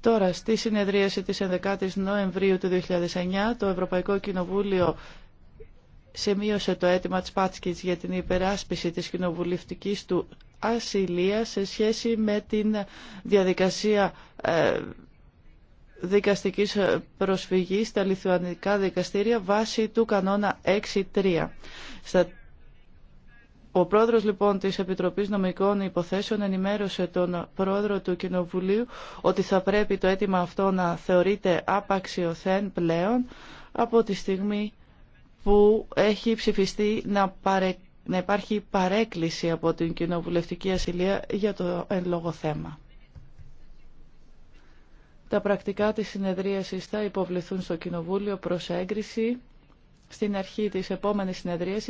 Τώρα, στη συνεδρίαση της 11ης Νοεμβρίου του 2009, το Ευρωπαϊκό Κοινοβούλιο σημείωσε το αίτημα της Πάτσκης για την υπεράσπιση της κοινοβουλευτικής του ασυλίας σε σχέση με την διαδικασία ε, δικαστικής προσφυγής στα λιθουανικά δικαστήρια βάσει του κανόνα 6.3. Στα ο πρόεδρος λοιπόν της Επιτροπής Νομικών Υποθέσεων ενημέρωσε τον πρόεδρο του Κοινοβουλίου ότι θα πρέπει το αίτημα αυτό να θεωρείται απαξιωθέν πλέον από τη στιγμή που έχει ψηφιστεί να, υπάρχει παρέκκληση από την Κοινοβουλευτική Ασυλία για το εν λόγω θέμα. Τα πρακτικά της συνεδρίασης θα υποβληθούν στο Κοινοβούλιο προς έγκριση στην αρχή της επόμενης συνεδρίασης